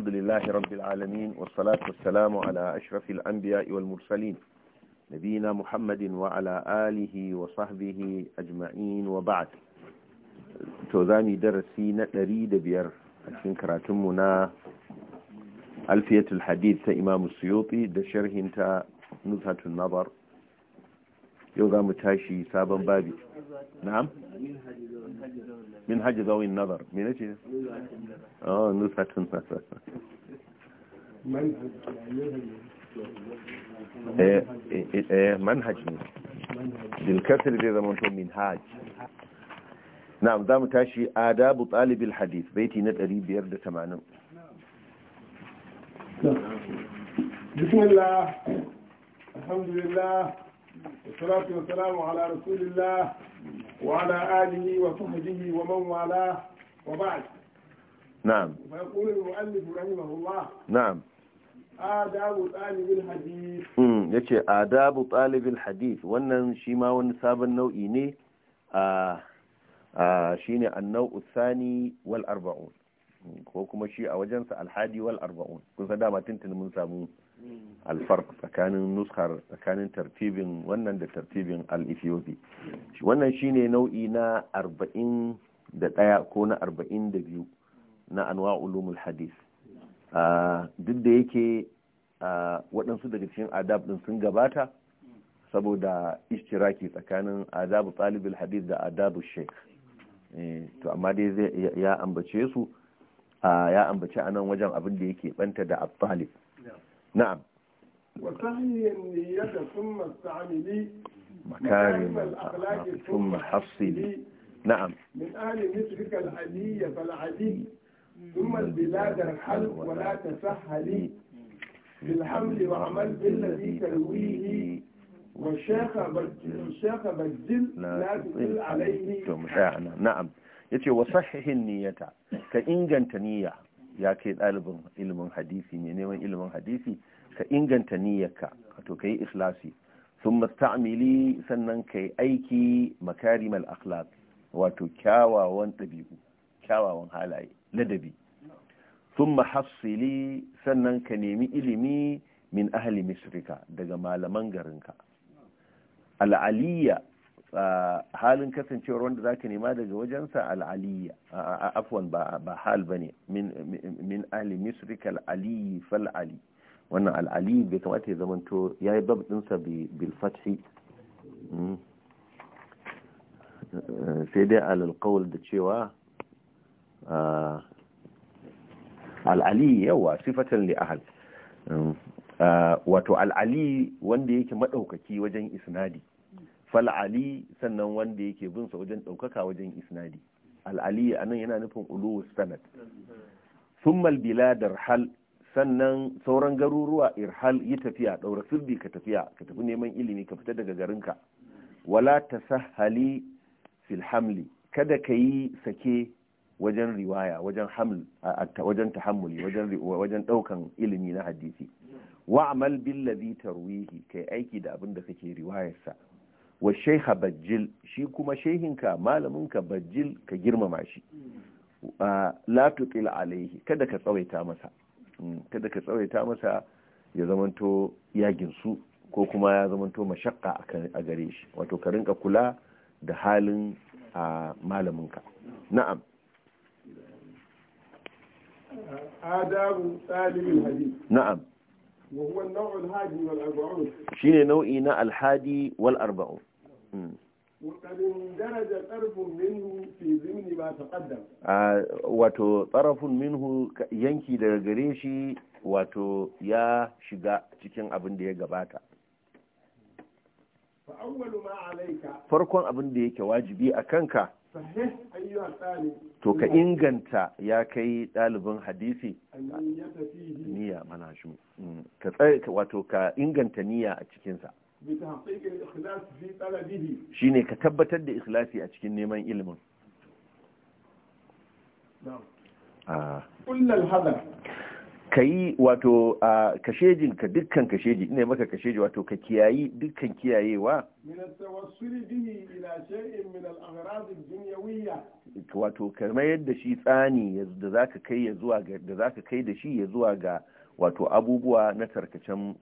الحمد لله رب العالمين والصلاة والسلام على أشرف الأنبياء والمرسلين نبينا محمد وعلى آله وصحبه أجمعين وبعد توزاني درسي نريد بير عشان كراتمنا ألفية الحديث إمام السيوطي ده شرح نزهة النظر yau za mu tashi sabon babi na'am min hajji zawin nazar me ne ce oh nusatun nasa eh manhaj ne bilkasir zai zama to min hajj na'am za mu tashi adabu talibul hadith baiti na 580 bismillah alhamdulillah والصلاة والسلام على رسول الله وعلى آله وصحبه ومن والاه وبعد نعم ويقول المؤلف رحمه الله نعم آداب طالب الحديث امم yace adabu طالب الحديث wannan shi ma wani sabon nau'i ne a a shine an-nau'u thani wal arba'un ko kuma shi a wajensa al-hadi wal arba'un kun san dama tuntun mun samu alfarq tsakanin nuskar tsakanin tartibin wannan da tartibin al-ethiopi wannan shine nau'i na arba'in da ɗaya ko na 42 na anwa ulumul hadis duk da yake waɗansu daga cikin adab ɗin sun gabata saboda ishtiraki tsakanin adabu talibul hadis da adabu sheikh to amma dai ya ambace su ya ambace anan wajen abin da yake ɓanta da abu talib نعم وسعي النية ثم استعملي مكارم الأخلاق ثم حصلي نعم من أهل مثلك العلي فالعلي ثم البلاد ارحل ولا تسهلي بالحمل وعمل بالذي ترويه والشيخ الشيخ بجل لا تطل عليه نعم يتي وصحح النية جنت نية ya kai ɗalibin ilimin hadisi mai neman ilimin hadisi ka inganta niyyarka to ka yi ikhlasi sun musta'mili sannan ka yi aiki makarimal akhlaq wato kyawawan ɗabi'u kyawawan halaye ladabi sun mahassili sannan ka nemi ilimi min ahli misrika daga malaman garinka al'aliyya halin kasancewar wanda zaka nema daga wajensa al'aliyya afwan ba hal bane min ahli misrikal kal ali fal ali wannan al'ali bai kamata ya zamanto ya yi bab dinsa bil fathi hmm. sai dai alalƙawar da cewa al'ali yawa sifatan li ahal hmm. wato al'ali wanda yake madaukaki wajen isnadi fal'ali sannan wanda yake bin sa wajen ɗaukaka wajen isnadi al'ali a nan yana nufin Uluwus sanad summal biladar hal sannan sauran garuruwa irhal yi tafiya ɗaura sirri ka tafiya ka tafi neman ilimi ka fita daga ka. wala ta sahali fil hamli kada ka yi sake wajen riwaya wajen haml wajen tahammuli wajen wajen ɗaukan ilimi na hadisi wa'amal billazi tarwihi kai aiki da abin da kake riwayarsa wa shaiha bajjil shi kuma shehinka malaminka bajjil ka girmama shi la tuqil alaihi kada ka tsawaita masa mm, kada ka tsawaita masa ya zamanto yagin su ko kuma ya zamanto mashakka a gare shi wato ka rinka kula da halin malaminka na'am adabu talibin hadith na'am وهو النوع الهادي والأربعون شين نوعي نا الهادي والأربعون wato tsarafin minhu yanki daga gare shi wato ya shiga cikin abin da ya gabata farkon abin da yake wajibi a kanka to ka inganta ya kai ɗalibin hadisi niyya mana shi wato ka inganta niyya a cikinsa shi ne ka tabbatar da ikhlasi a cikin neman ilimin ka yi wato a kashejin ka dukkan kasheji ina maka kasheji wato ka kiyayi dukkan kiyayewa wato ka mayar da shi tsani da za ka kai da shi ya zuwa ga wato abubuwa na tarkacen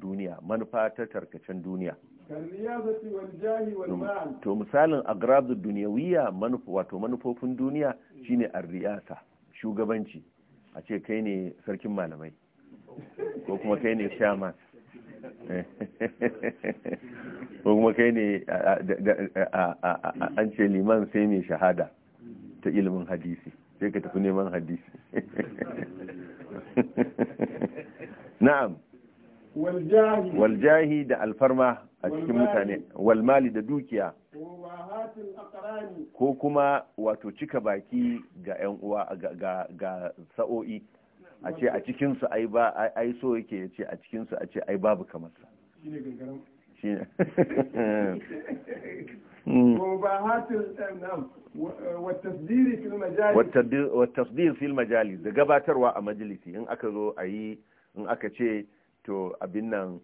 duniya manufa ta tarkacen duniya to misalin agradu duniyawiya wato manufofin duniya shine arriyasa shugabanci a ce kai ne sarkin malamai ko kuma kai ne shama ko kuma kai ne an ce liman sai mai shahada ta ilimin hadisi sai ka tafi neman hadisi na'am waljahi da alfarma a cikin mutane walmali da dukiya ko kuma wato cika baki ga 'yan uwa ga sa'o'i a ce a cikinsu ai ba ai so yake ya ce a cikinsu a ce ai babu kamar sa tasdiri fil majalis da gabatarwa a majalisi in aka zo a yi in aka ce to abin nan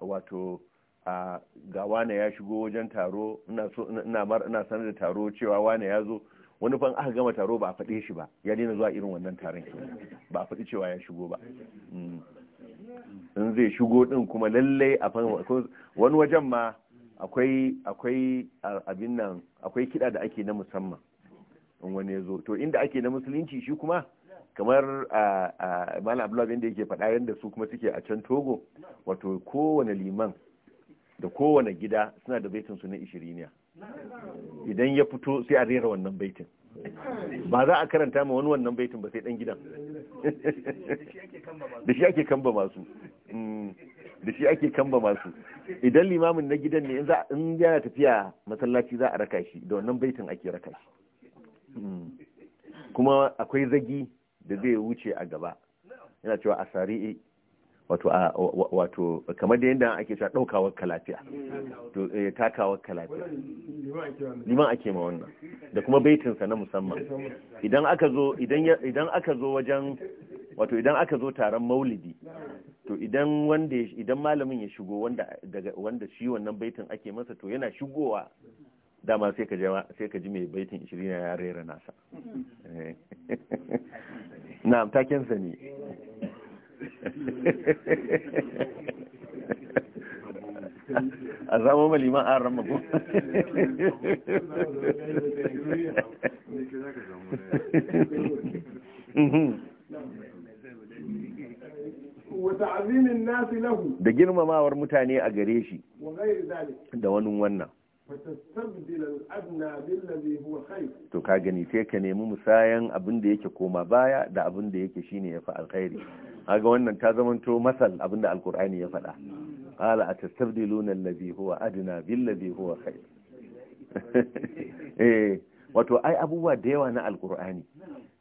wato ga wane ya shigo wajen taro ina sanar da taro cewa wane ya zo wani fan aka gama taro ba a faɗe shi ba ya daina zuwa irin wannan taron ba a faɗi cewa ya shigo ba mm. in zai shigo din kuma lallai a wani wajen ma akwai akwai abin nan akwai kiɗa da ake na musamman in wani ya zo to inda ake na musulunci shi kuma kamar a malam abdullahi da yake faɗa yadda su kuma suke a can togo wato kowane liman da kowane gida suna da baitin su na ishiriniya idan ya fito sai a rera wannan baitin ba za a karanta ma wani wannan baitin ba sai dan gidan da shi ake kamba masu mm, da shi ake kamba masu idan limamin na gidan ne in yana tafiya masallaci za a raka shi da wannan baitin ake raka shi mm. kuma akwai zagi da zai wuce a gaba yana cewa a sari'i wato wato kamar da yadda ake cewa daukawar kalafiya to eh, takawar kalafiya liman ake ma wannan da kuma baitinsa na musamman idan aka zo idan aka zo wajen wato idan aka zo taron maulidi to idan wanda idan malamin ya shigo wanda daga wanda shi wannan baitin ake masa to yana shigowa dama sai ka jawa sai ka ji mai baitin 20 ya rera nasa eh. na taken sa ne a zama maliman an rama ko da girmamawar mutane a gare shi da wani wannan to ka gani sai ka nemi musayan abin da yake koma baya da abin da yake shine fi alkhairi kaga wannan ta zamanto masal abin da alkur'ani ya faɗa qala atastabdiluna alladhi huwa adna billadhi huwa khair eh wato ai abubuwa da yawa na alkur'ani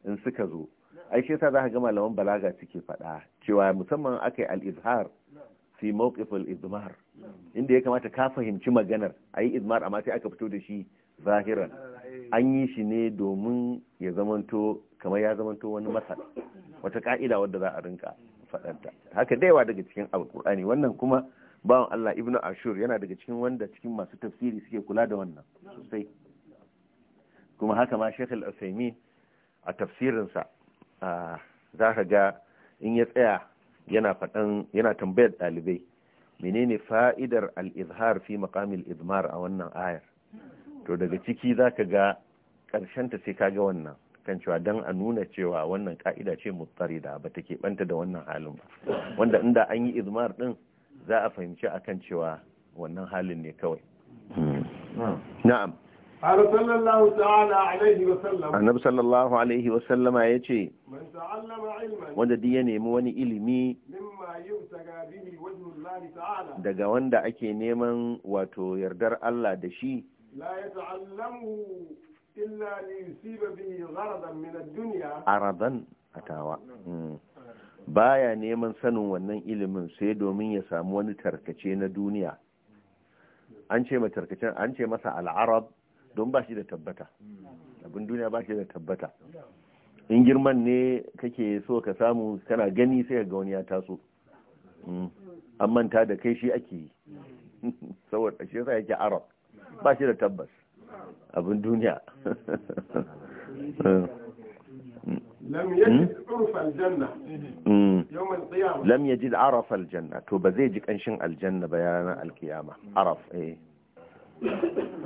in suka zo ai shi yasa zaka ga malaman balaga suke faɗa cewa musamman akai al-izhar fi mawqif al-idmar inda ya kamata ka fahimci maganar a yi izmar amma sai aka fito da shi zahiran an yi shi ne domin ya zamanto kamar ya zamanto wani masar wata ka'ida wadda za a rinka faɗanta haka da yawa daga cikin alkur'ani wannan kuma bawan Allah ibnu ashur yana daga cikin wanda cikin masu tafsiri suke kula da wannan sosai kuma haka ma Sheikh al a tafsirinsa ah, za ka ga in ya tsaya yana faɗan yana tambayar ɗalibai menene fa'idar al-izhar fi maqamil idmar a wannan ayar to daga ciki zaka ga ta sai kaga wannan kan cewa dan a nuna cewa wannan ka'ida ce mutsarida ba take banta da wannan halin ba wanda inda an yi izmar din za a fahimci akan cewa wannan halin ne kawai na'am Annabi sallallahu alaihi wasallama yace wanda duk ya nemi wani ilimi daga wanda ake neman wato yardar Allah da shi aradan atawa hmm. baya neman sanin wannan ilimin sai domin ya samu wani tarkace na duniya an ce ma tarkacen an ce masa al'arab don ba shi da tabbata abin duniya ba shi da tabbata in girman ne kake so ka samu kana gani sai ga wani ya taso mm. an manta da kai shi ake yi saboda shi yasa yake arab ba shi da tabbas abin duniya lam yajid mm. araf aljanna to ba zai ji kanshin aljanna bayanan alkiyama araf eh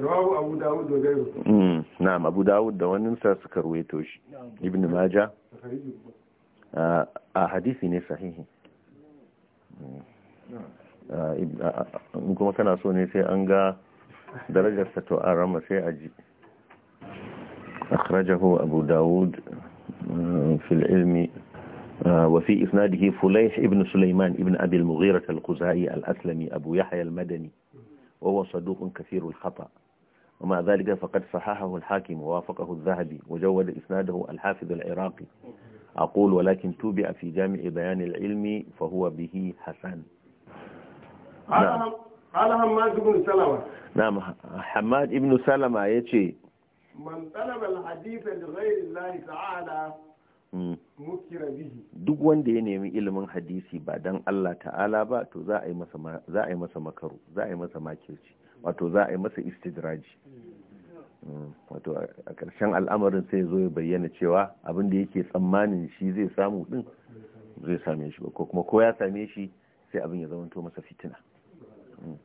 rawu abu dawud da gairu hmm, na'am abu dawud da wani sa suka ruwaito shi ibn maja a hadisi ne sahihi hmm. in kuma kana so ne sai an ga darajar sa to an rama sai a ji akhrajahu abu dawud hmm, fil ilmi وفي إسناده فليح ابن سليمان ابن أبي المغيرة القزائي الأسلمي أبو يحيى المدني وهو صدوق كثير الخطأ ومع ذلك فقد صححه الحاكم ووافقه الذهبي وجود إسناده الحافظ العراقي أقول ولكن توبع في جامع بيان العلم فهو به حسن قال نعم. حماد بن سلمة نعم حماد بن سلمة يتشي من طلب الحديث لغير الله تعالى Hmm. duk wanda ya nemi ilimin hadisi ba dan Allah ta'ala ba to za a yi masa makaru za a yi masa makirci wato za a yi masa istidraji hmm. wato a ƙarshen al'amarin sai zo ya bayyana cewa abin da yake tsammanin shi zai samu din zai same shi ba ko kuma ko ya same shi sai abin ya to masa fitina hmm.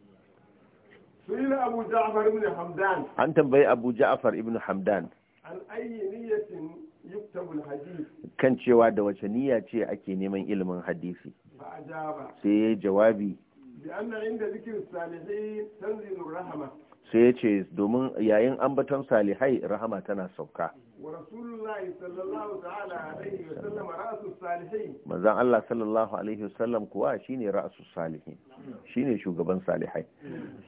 an tambayi abu ja'afar ibn hamdan an ayi kan cewa da wace niyya ce ake neman ilimin hadisi sai ya jawabi sai ya ce domin yayin ambaton salihai rahama tana sauka manzan Allah sallallahu alaihi wasallam kuwa shine ra'asu shi shine shugaban salihai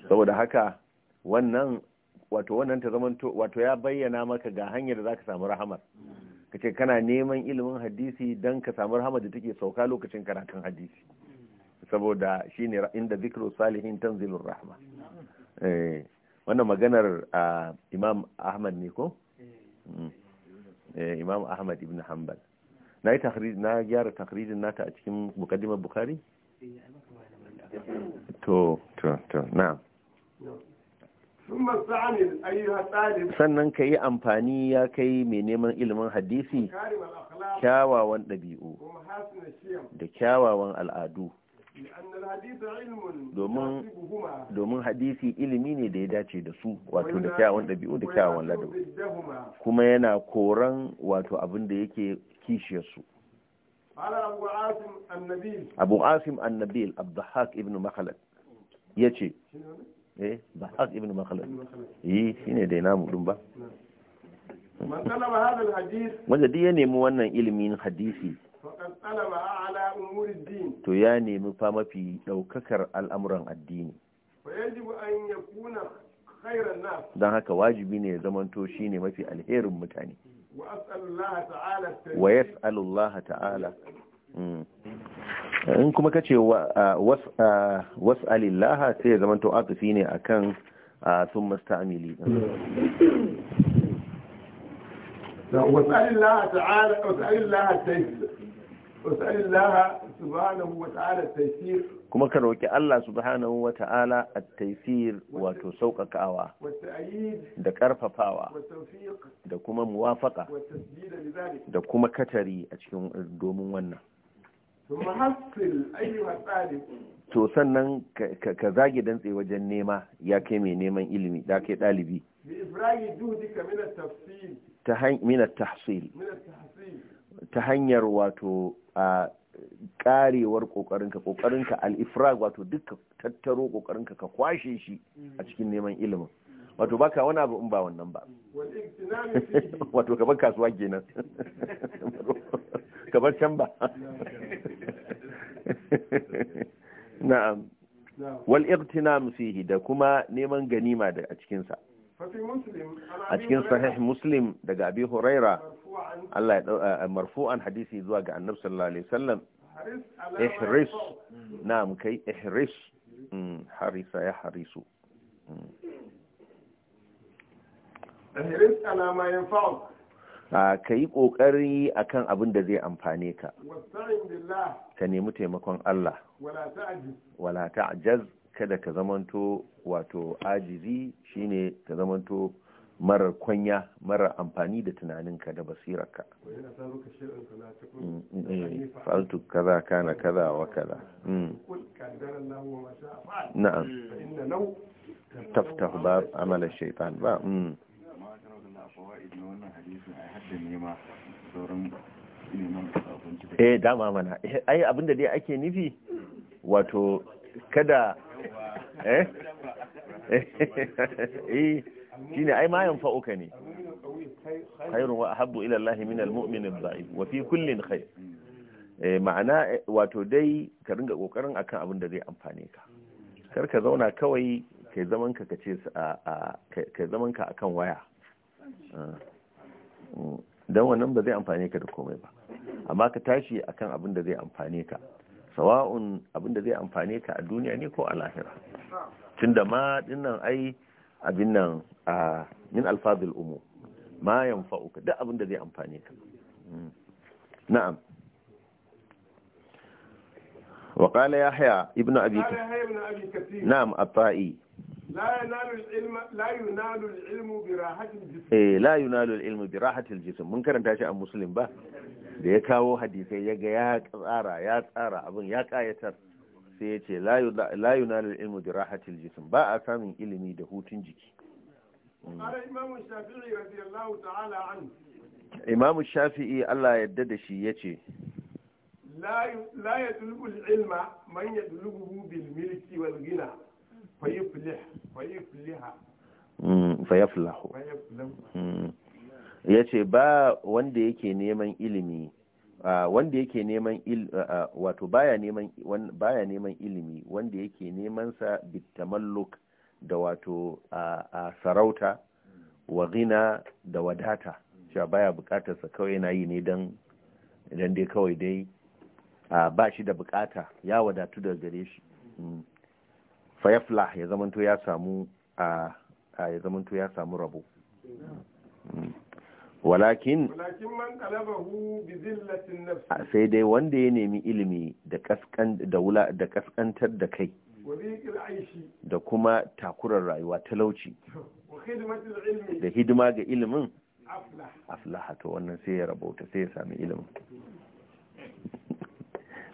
saboda haka wannan wato wannan ta zama wato ya bayyana maka ga hanyar da zaka samu rahamar ka ce kana neman ilimin hadisi don ka samu rahama da take sauka lokacin karatun hadisi saboda shine ne inda zikru salihin tanzilun rahma eh, wannan maganar imam ahmad ne ko? Hmm. Eh, imam ahmad ibn hanbal na yi na gyara takhrijin nata a cikin mukaddimar bukari? Eh, to to to na'am sannan ka yi amfani ya kai mai neman ilimin hadisi kyawawan ɗabi'u da kyawawan al'adu domin hadisi ilimi ne da ya dace da su wato da kyawawan ɗabi'u da kyawawan ladabu kuma yana koran wato abin da yake kishiyarsu abu asim annabil abdahak ibn makhalad ya ce eh ba has ibn makhlad yi shine dai namu din ba wanda duk ya nemi wannan ilimin hadisi to ya nemi fa mafi daukakar al'amuran addini don haka wajibi ne ya zamanto shine mafi alherin mutane wa yas'alullah ta'ala in kuma ka ce wasu alillaha sai ya zamanto atufi ne akan sun musta'mili was'alillaha ta'ala subhanahu wa ta'ala kuma ka roki Allah subhanahu wa ta'ala a taysir wato sauƙaƙawa da ƙarfafawa da kuma muwafaƙa da kuma katari a cikin domin wannan to sannan ka zage dantse wajen nema ya kai mai neman ilimi da kai ɗalibi ta tahsil ta hanyar wato a karewar kokarinka kokarinka al-ifrag wato duka tattaro kokarinka ka kwashe shi a cikin neman ilimin wato baka wani abu in ba wannan ba wato ka bar kasuwa kenan ka bar can ba na'am wal iqtinam fihi da kuma neman ganima da a cikin sa a cikin sahih muslim daga abi huraira Allah ya eh, marfu'an hadisi zuwa ga annabi sallallahu alaihi wasallam ihris na'am kai ihris mm, harisa ya harisu mm. ihris ala ma yanfa'u ka yi ƙoƙari a kan abin da zai amfane ka ka nemi taimakon Allah wala jaz kada ka zamanto wato ajizi shine ka zamanto marar kwanya marar amfani da tunaninka da basirarka mm, mm, eh. faltu kaza kana kaza wa kaza mm. na'am taftah ba amala shaitan ba eh dama mana ai abinda dai ake nufi wato kada eh eh shine ai ma fa'uka ne khairu wa habbu ila allahi min almu'min adh dhaif wa fi kullin khair eh ma'ana wato dai ka ringa kokarin akan abin da zai amfane ka kar ka zauna kawai kai zaman ka kace a kai zaman ka akan waya Ah. don wannan ba zai amfane ka da komai ba amma ka tashi akan abin da zai amfane ka sawa'un abin da zai amfane ka a duniya ne ko a lahira tun da ma dinnan ai abin nan a ah, min alfazil umu ma yan fa'uka duk abin da zai amfane ka hmm. na'am وقال يحيى ابن ابي كثير نعم الطائي la yunalu ilmu bi rahatil jism eh la yunalu ilmu bi rahatil mun karanta shi a musulun ba da ya kawo hadisai ya ga ya tsara ya tsara abin ya kayatar sai ya ce la yunalu ilmu bi rahatil jism ba a samun ilimi da hutun jiki imamu shafi'i Allah yadda da shi ya ce la ya tulubu ilma man ya tulubuhu bil milki wal gina fayaflahu ya ce ba wanda yake neman ilimi wanda yake neman wato baya neman ilimi wanda yake neman sa bitamalluk da wato a sarauta wa gina da wadata cewa baya bukatar sa kawai yana yi ne don dai kawai dai ba shi da bukata ya wadatu da gare shi fayafla ya zamanto ya samu a ya zamanto ya samu rabo hmm. walakin sai dai wanda ya nemi ilimi da kaskantar da kai da kuma takurar rayuwa talauci da hidima ga ilimin aflaha to wannan sai ya rabauta sai ya sami ilimin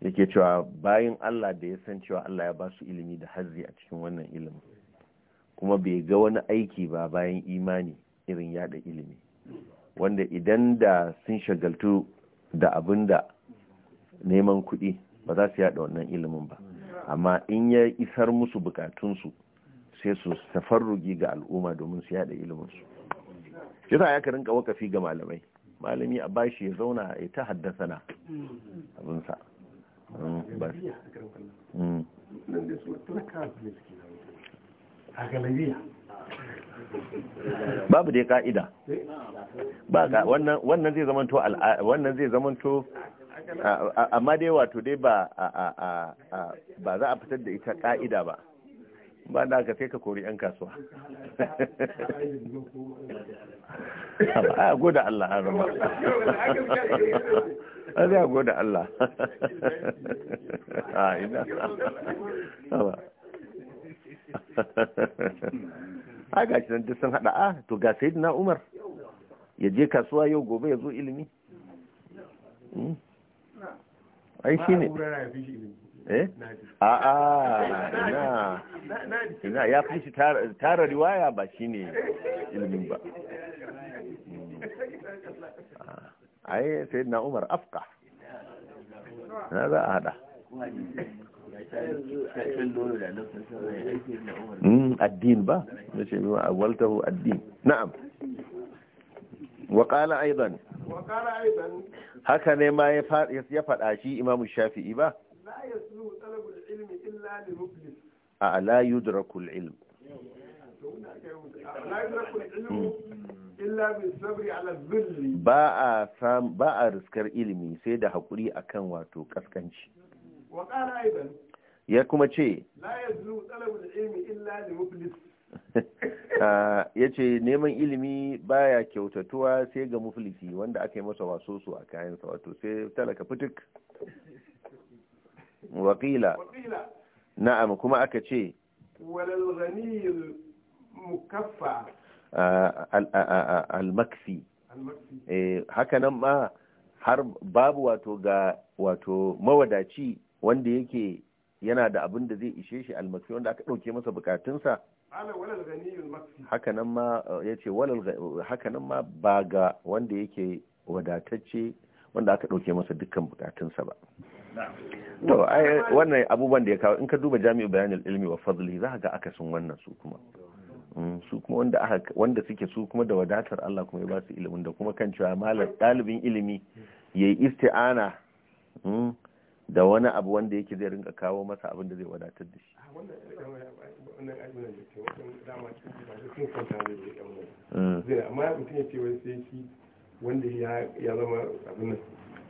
yake cewa bayan Allah da ya san cewa Allah ya ba su ilimi da hazzi a cikin wannan ilimin kuma bai ga wani aiki ba bayan imani irin yada ilimi wanda idan da sun shagaltu da abin da neman kuɗi ba za su yada wannan ilimin ba amma in ya isar musu bukatunsu sai su tafarrugi ga al'umma domin su yada iliminsu shi ya ka rinka wakafi ga malamai malami a bashi ya zauna ya ta haddasa na abinsa Mm. babu dai ka'ida eh? ba ka wannan zai zamanto wannan zai zamanto amma dai wato dai ba ba za a fitar da ita ka'ida ba ba da aka sai ka kori 'yan kasuwa a goda Allah an rama a zai goda Allah a ina a ga shi duk sun hada a to ga sai na umar ya je kasuwa yau gobe ya zo ilimi hmm? ai shi ne eh a a na ya fi shi tara riwaya ba shine ilimin ba hmm. ai sai na umar afka na za a hada hmm, addin ba na ce biyu a addin na'am waƙala aiban haka ne ma ya faɗa shi imamu shafi'i ba a la yudrakul ilm ba a riskar ilimi sai da haƙuri akan wato kaskanci ya kuma ce ya ce neman ilimi baya kyautatuwa sai ga muflisi wanda aka masa waso su a kayansa wato sai talaka fituk waƙila na'am kuma aka ce al-makfi eh, haka nan ma har babu wato ga wato mawadaci wanda yake yana da abin da zai ishe shi almasi wanda aka ɗauke masa bukatunsa haka nan ma eh, haka nan ma ba ga wanda yake wadatacce wanda aka ɗauke masa dukkan bukatunsa ba to ai wannan abubuwan da ya kawo in ka duba jami'u bayanul ilmi wa fadli za ga akasin wannan su kuma su kuma wanda aka wanda suke su kuma da wadatar Allah kuma ya ba su ilimin da kuma kan cewa malam dalibin ilimi yayi isti'ana da wani abu wanda yake zai rinka kawo masa abin da zai wadatar da shi wanda ya zama abin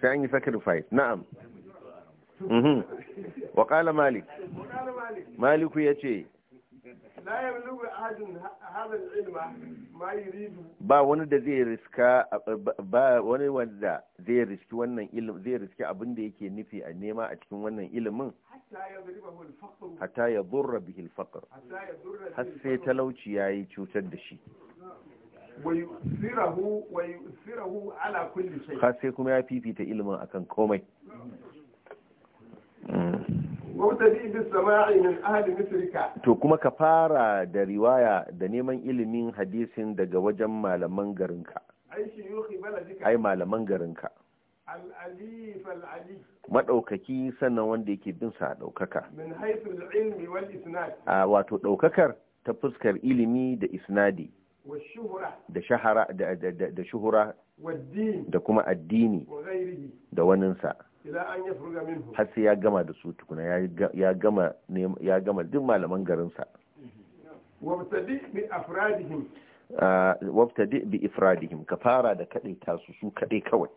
sai an yi sacrifice na'am mhm wa qala malik maliku yace la yablugu ahadun ma yuridu ba wani da zai riska ba wani wanda zai riski wannan ilimin zai riski abin da yake nufi a nema a cikin wannan ilimin hatta ya durra bihi al har sai talauci yayi cutar da shi ويؤثره على كل شيء خاصه كما يفيفيت akan komai to kuma ka fara da riwaya da neman ilimin hadisin daga wajen malaman garinka ai malaman garinka maɗaukaki sannan wanda yake bin sa ɗaukaka a wato ɗaukakar ta fuskar ilimi da isnadi da shahara da shuhura da kuma addini da waninsa har sai ya gama da su tukuna ya gama ya gama duk malaman garinsa ah, wabtadi bi ifradihim ka fara da kaɗai tasu su kaɗai kawai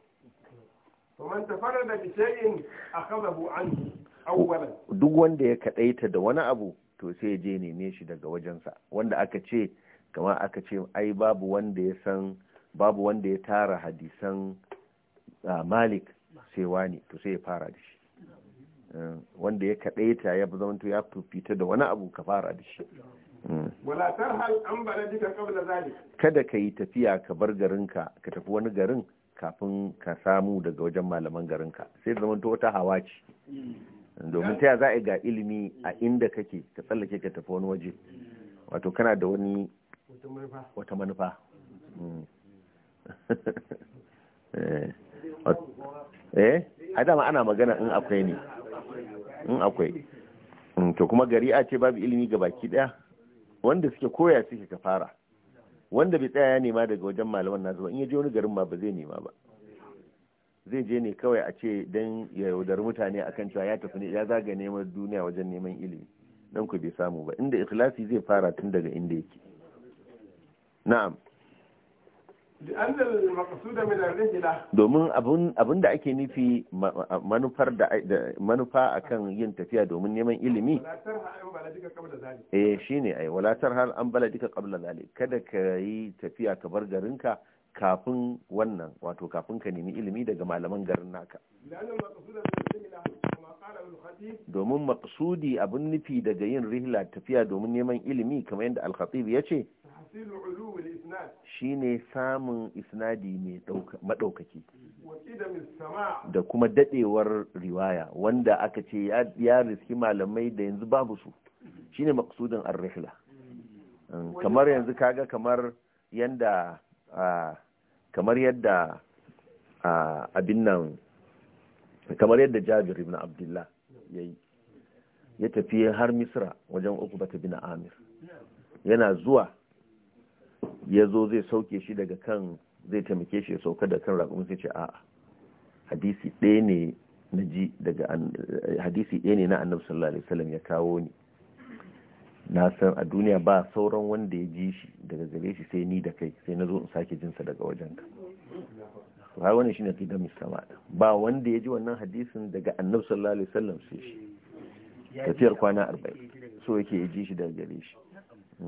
duk wanda ya kaɗaita da wani abu to sai ya je neme shi daga wajensa wanda aka ce kamar aka ce ai babu wanda ya san babu wanda ya tara hadisan ah, malik sai wani to sai ya fara da shi eh, wanda ya kaɗaita ya zama to ya fita da wani abu ka fara da shi hmm. wala an qabla zalik kada ka yi tafiya ka bar garinka ka tafi wani garin kafin ka samu daga wajen malaman garinka sai zamanto to wata hawa ce hmm. domin ta za a ga ilimi a inda kake ka tsallake ka tafi wani waje hmm. wato kana da wani wata manufa mm. eh, eh? dama ana magana in akwai ne in akwai mm, to kuma gari a ce babu ilimi ga baki daya wanda suke koya suke ka fara wanda bai tsaya ya nema daga wajen malaman nasu ba in ya je wani garin ma ba zai nema ba zai je ne kawai a ce don ya yaudar mutane akan cewa ya tafi ne ya zaga neman duniya wajen neman ilimi nan ku bai samu ba inda ikhlasi zai fara tun daga inda yake na'am domin abin da ake nufi manufar da manufa akan yin tafiya domin neman ilimi eh shine ai walatar har an baladika qabla zalik kada ka yi tafiya ka bar garinka kafin wannan wato kafin ka nemi ilimi daga malaman garin naka domin maqsudi abun nufi daga yin rihla tafiya domin neman ilimi kamar yadda al ya ce. Shi ne shine samun isnadi mai madaukaki da kuma dadewar riwaya wanda aka ce ya riski malamai da yanzu babu su shine maqsudin ar-rihla kamar yanzu kaga kamar kamar yadda abin nan kamar yadda Jabir ibn Abdullah yayi ya tafi har Misra wajen Uqba bin Amir yana zuwa ya zo zai sauke shi daga kan zai taimake shi ya sauka da kan raƙumin sai ce a'a hadisi ɗaya ne na ji daga hadisi ɗaya ne na annabi sallallahu alaihi wasallam ya kawo ni na san a duniya ba sauran wanda ya ji shi daga gare shi sai ni da kai sai na zo in sake jinsa daga wajenka har wani shine fi damis sama ba wanda ya ji wannan hadisin daga annabi sallallahu alaihi wasallam sai shi tafiyar kwana arba'in so yake ya ji shi daga gare shi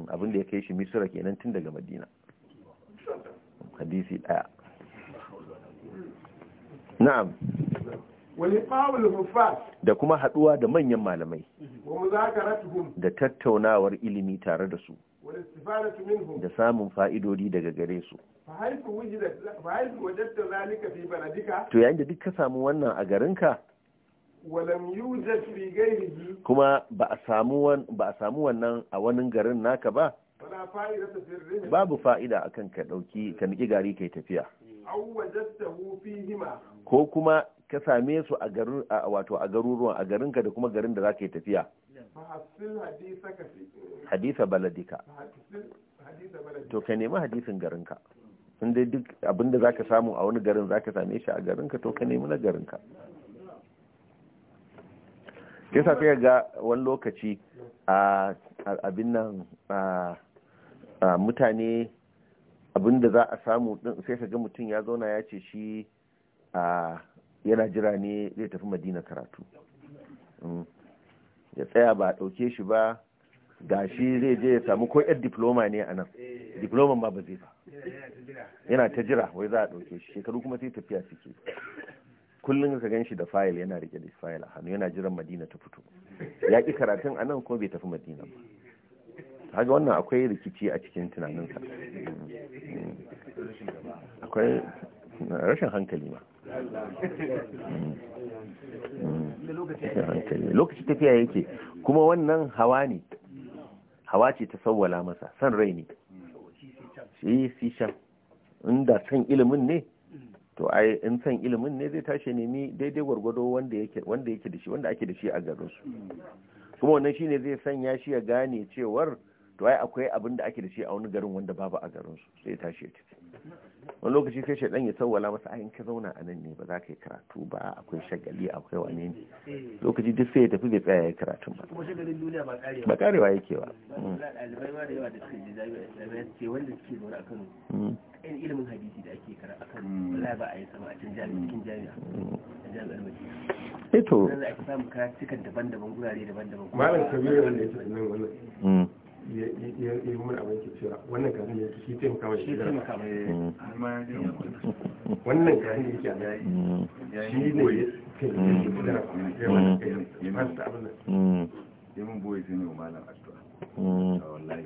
abin da ya kai shi misira kenan tun daga madina hadisi daya na'am da kuma haduwa da manyan malamai da tattaunawar ilimi tare da su da samun fa'idodi daga gare su to yayin da duk ka samu wannan a garinka kuma ba a samu wannan a wani garin naka ba babu fa'ida akan ka dauki ka niki gari kai tafiya ko kuma ka same su a garin wato a garuruwan a garin ka da kuma garin da za ka yi tafiya hadisa baladika to ka nemi hadisin ka in dai duk abinda za ka samu a wani garin za ka same shi a garin ka to ka nemi na garin ka. ke sa ga wani lokaci a abin nan mutane abin da za a samu din sai ka ga mutum ya zauna ya ce shi yana jira ne zai tafi madina karatu mm. ya tsaya ba dauke shi ba ga shi zai je ya samu ko yar diploma ne a nan diploma ba ba zai ba yana ta jira wai za a dauke shi shekaru kuma sai tafiya suke kullum ka gan shi da fayil yana rike da fayil a hannu yana jiran madina ta fito ya ƙi karatun a nan kuma bai tafi madina ba haka wannan akwai rikici a cikin tunaninsa akwai rashin hankali ma lokaci tafiya yake kuma wannan hawa ne hawa ce ta sawwala masa san rai ne shi shi shan inda san ilimin ne to ai in san ilimin ne zai tashi nemi daidai gwargwado wanda yake wanda yake da shi wanda ake da shi a garin su kuma wannan shine zai sanya shi ya gane cewar to ai akwai abin da ake da shi a wani garin wanda babu a garin su sai tashi ya tafi wani lokaci sai shaidan ya sawwala masa ayin ka zauna a nan ne ba za ka yi karatu ba akwai shagali akwai wane ne lokaci duk sai ya tafi bai tsaya ya karatu ba kuma shagalin duniya ba karewa ba karewa yake ba ɗalibai ma da yawa da suke jami'a wanda suke zaune a kano mm. irin ilimin hadisi da ake kara akan hmm. wala ba a yi sama a cikin jami'a jami'ar madina eto eh yanzu ake samun karatukan daban-daban gurare daban-daban malam kabiru wanda ya tafi nan wannan hmm. ya yi mun abin ke cewa wannan kafin ya shi taimaka mai shi hmm. wannan kafin ya ke a shi ne ya kai da ya da ya wani kai ya masu abin da ya mun boye sai ne wa malam addu'a wallahi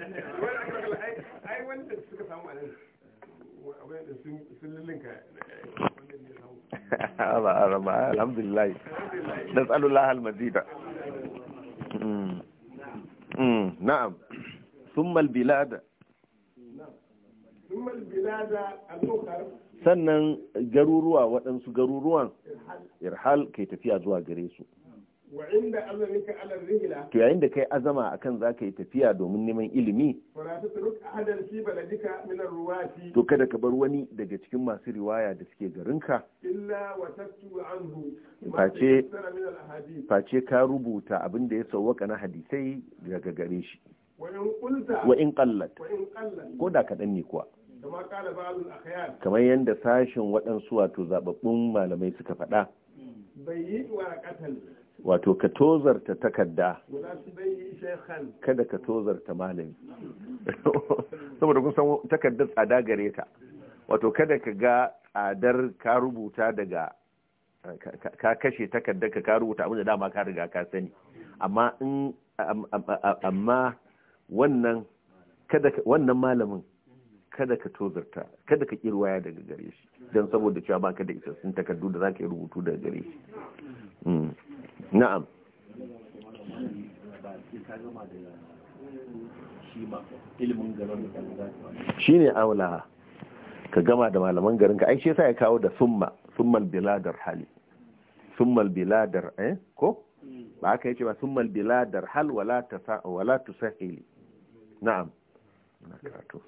ai wanda a nan ba a rama alhamdulillah na tsalullah almazida na'am summal bilada sannan garuruwa waɗansu garuruwan irhal ke tafiya zuwa gare su to yayin da kai azama akan za ka yi tafiya domin neman ilimi to kada ka bar wani daga cikin masu riwaya da suke garinka face ka rubuta abin da ya sauwaka na hadisai daga gare shi wa in kallat, ko da kaɗan ne kuwa kamar yadda sashen waɗansu wato zababbun malamai suka faɗa wato ka tozarta takarda kada ka tozarta malami saboda kun san takardar tsada gare ka wato kada ka ga tsadar ka rubuta daga ka kashe takarda ka rubuta abinda dama ka riga ka sani amma in amma wannan kada wannan malamin kada ka tozarta kada ka kirwaya daga gare shi don saboda cewa baka da isassun takardu da zaka yi rubutu daga gare shi hmm. na'am shi ne aula ka gama da malaman garin ka aiki sai ya kawo da summa summal biladar hali summal biladar eh ko ba aka yace ba summal biladar hal wala ta wala tusahili na'am na karatu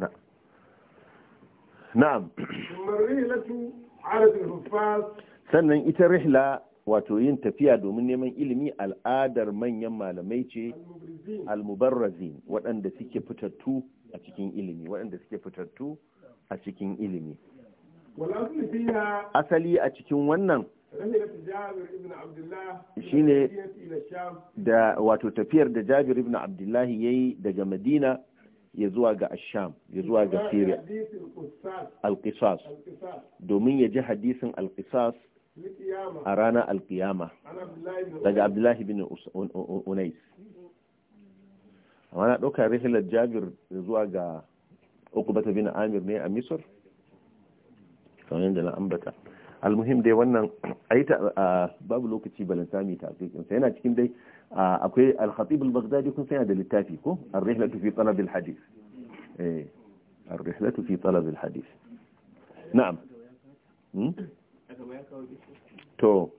na'am na'am summal bi latu ala al-huffaz sannan ita rihla wato yin tafiya domin neman ilimi al'adar manyan malamai ce almubarrazin waɗanda suke fitattu a cikin ilimi waɗanda suke fitattu a cikin ilimi asali a cikin wannan shine da wato tafiyar da jabir ibn abdullahi ya yi daga madina ya zuwa ga asham ya zuwa ga siriya al domin ya ji hadisin al a ranar alkiyama daga abdullahi bin unais amma na ɗauka rihilar jabir zuwa ga ukubata bin amir ne a misur kamar yadda na ambata almuhim dai wannan aita babu lokaci balantami ta tafikin sa yana cikin dai akwai al al-baghdadi kun sanya da littafi ko ar-rihlatu fi talab al-hadith eh ar-rihlatu fi talab al-hadith na'am hmm? to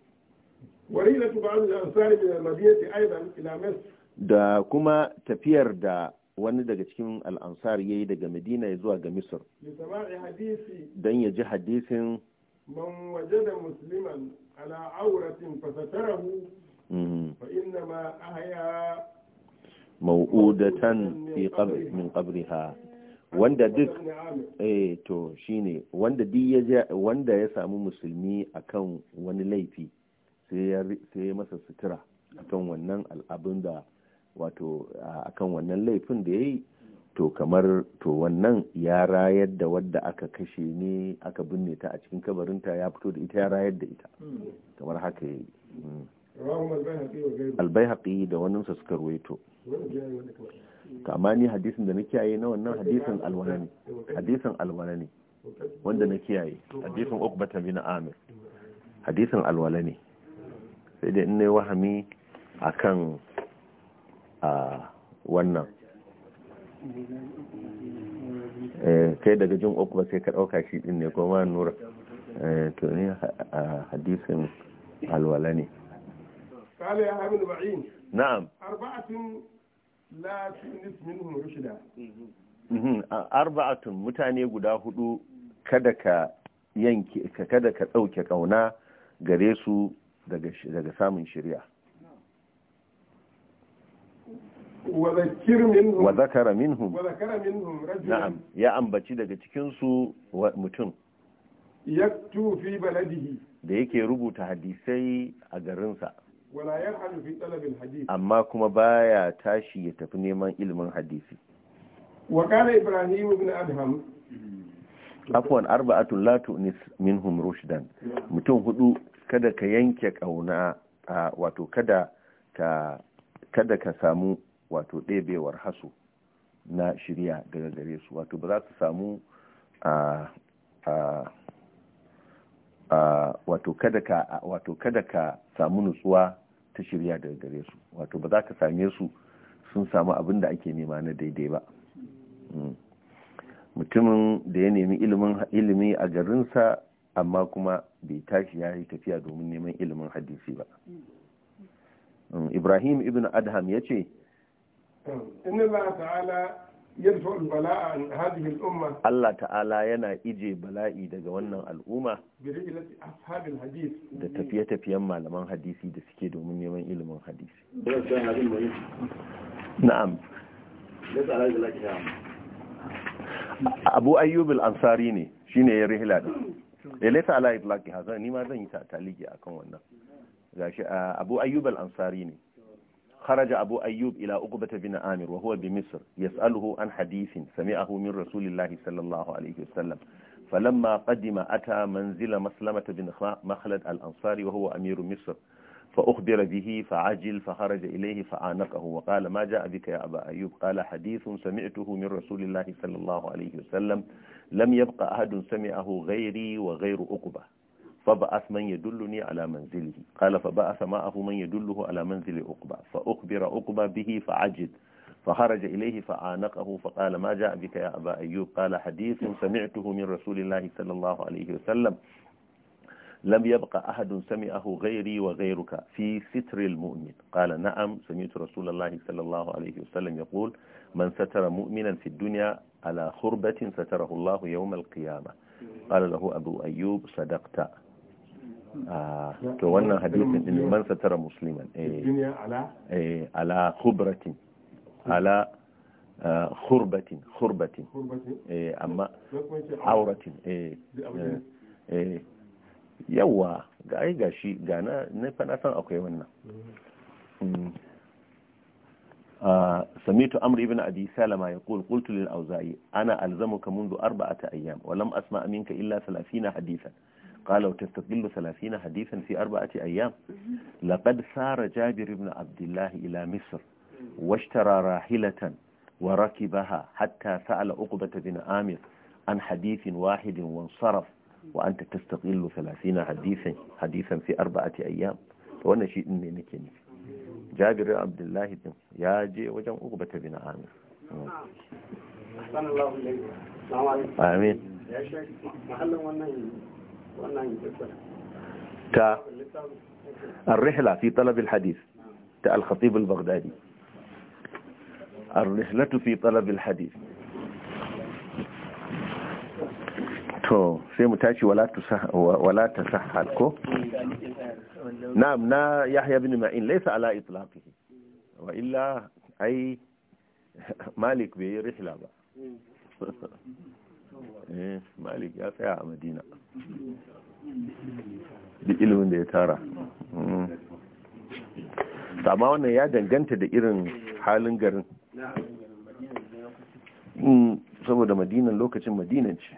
da kuma tafiyar da wani daga cikin al'ansar ya yi daga madina ya zuwa ga misir don ya ji hadisin man waje da musulman ala auratin fasatarahu mhm. fa inna ma ahaya mau'udatan min qabriha wanda duk eh to shine wanda duk ya wanda ya samu musulmi akan wani laifi sai ya sai ya masa sutura akan wannan al'abun da wato akan wannan laifin da yayi to kamar to wannan ya rayar da wadda aka kashe ne aka binne ta a cikin kabarinta ya fito da ita ya rayar da ita kamar haka yayi mm. albayhaqi da wannan suka ruwaito kama ni hadisin da na kiyaye na wannan hadisin alwala ne hadisin alwala ne wanda na kiyaye hadisin ukbata bin amir hadisin alwala ne sai da inai wahami akan a wannan eh, kai daga jin ukba sai ka dauka shi din ne kuma nura eh, to ne hadisin alwala ne قال يا ابن بعين نعم أربعة la tunis minhum arba'atun mutane guda hudu kada ka yanke kada ka dauke kauna gare su daga samun shari'a wa zakara minhum na'am ya ambaci daga cikin su mutum yaktu fi baladihi da yake rubuta hadisai a garinsa amma kuma baya tashi ya tafi neman ilimin hadisi wa kana ibrahim ibn adham afwan arba'atu la minhum rushdan mutum hudu kada ka yanke kauna wato kada ka kada ka samu wato ɗebewar haso na shirya daga gare su wato ba za su samu wato kada ka samu nutsuwa ta shirya daga gare su wato ba za ka same su sun samu abin da ake nema na daidai ba mm. mutumin da ya nemi ilimin ilimi a garinsa amma kuma bai tashi ya yi tafiya domin neman ilimin hadisi ba mm. Mm. ibrahim ibn adham ya ce يدفع البلاء عن هذه الأمة الله تعالى ينا إجي بلائي دقا ونن الأمة da tafiye-tafiyen malaman hadisi da suke domin neman ilimin hadisi. Na'am. Abu Ayyub al-Ansari ne shine ya rihla da eh, Laysa ala itlaqi hazan ni ma zan yi ta taliki akan wannan. Gashi Abu Ayyub al-Ansari ne. خرج أبو أيوب إلى أقبة بن عامر وهو بمصر يسأله عن حديث سمعه من رسول الله صلى الله عليه وسلم فلما قدم أتى منزل مسلمة بن مخلد الأنصاري وهو أمير مصر فأخبر به فعجل فخرج إليه فعانقه وقال ما جاء بك يا أبا أيوب قال حديث سمعته من رسول الله صلى الله عليه وسلم لم يبقى أحد سمعه غيري وغير أقبة فبعث من يدلني على منزله قال فبعث معه من يدله على منزل أقبى فأخبر أقبى به فعجد فخرج إليه فعانقه فقال ما جاء بك يا أبا أيوب قال حديث سمعته من رسول الله صلى الله عليه وسلم لم يبق أحد سمعه غيري وغيرك في ستر المؤمن قال نعم سمعت رسول الله صلى الله عليه وسلم يقول من ستر مؤمنا في الدنيا على خربة ستره الله يوم القيامة قال له أبو أيوب صدقت Ah, to wannan hadisin din man satara musliman eh, eh ala khubratin ala ah, khurbatin khurbatin eh amma auratin eh eh, eh. yawa ga ai gashi ga na na fa na san akwai wannan سميت أمر ابن أبي سالمة يقول قلت للأوزائي أنا ألزمك منذ أربعة أيام ولم أسمع منك إلا ثلاثين حديثا قال وتستقبل ثلاثين حديثا في أربعة أيام لقد سار جابر بن عبد الله إلى مصر واشترى راحلة وركبها حتى سأل عقبة بن عامر عن حديث واحد وانصرف وأنت تستقل ثلاثين حديثا حديثا في أربعة أيام وأنا شيء إني نكني جابر عبد الله يا جي وجم عقبة بن عامر أحسن الله إليك السلام عليكم آمين يا شيخ محل ونين تا الرحلة في طلب الحديث تاع الخطيب البغدادي الرحلة في طلب الحديث تو سيمو تاشي ولا, تسح ولا تسحلكو نعم نا يحيى بن معين ليس على إطلاقه وإلا أي مالك به رحلة eh malik ya tsaya a madina duk ilimin da ya tara hmm. amma wannan ya danganta da irin halin garin hmm, saboda madinan lokacin madinan ce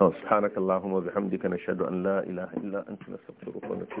سبحانك اللهم وبحمدك نشهد أن لا إله إلا أنت نستغفرك ونتوب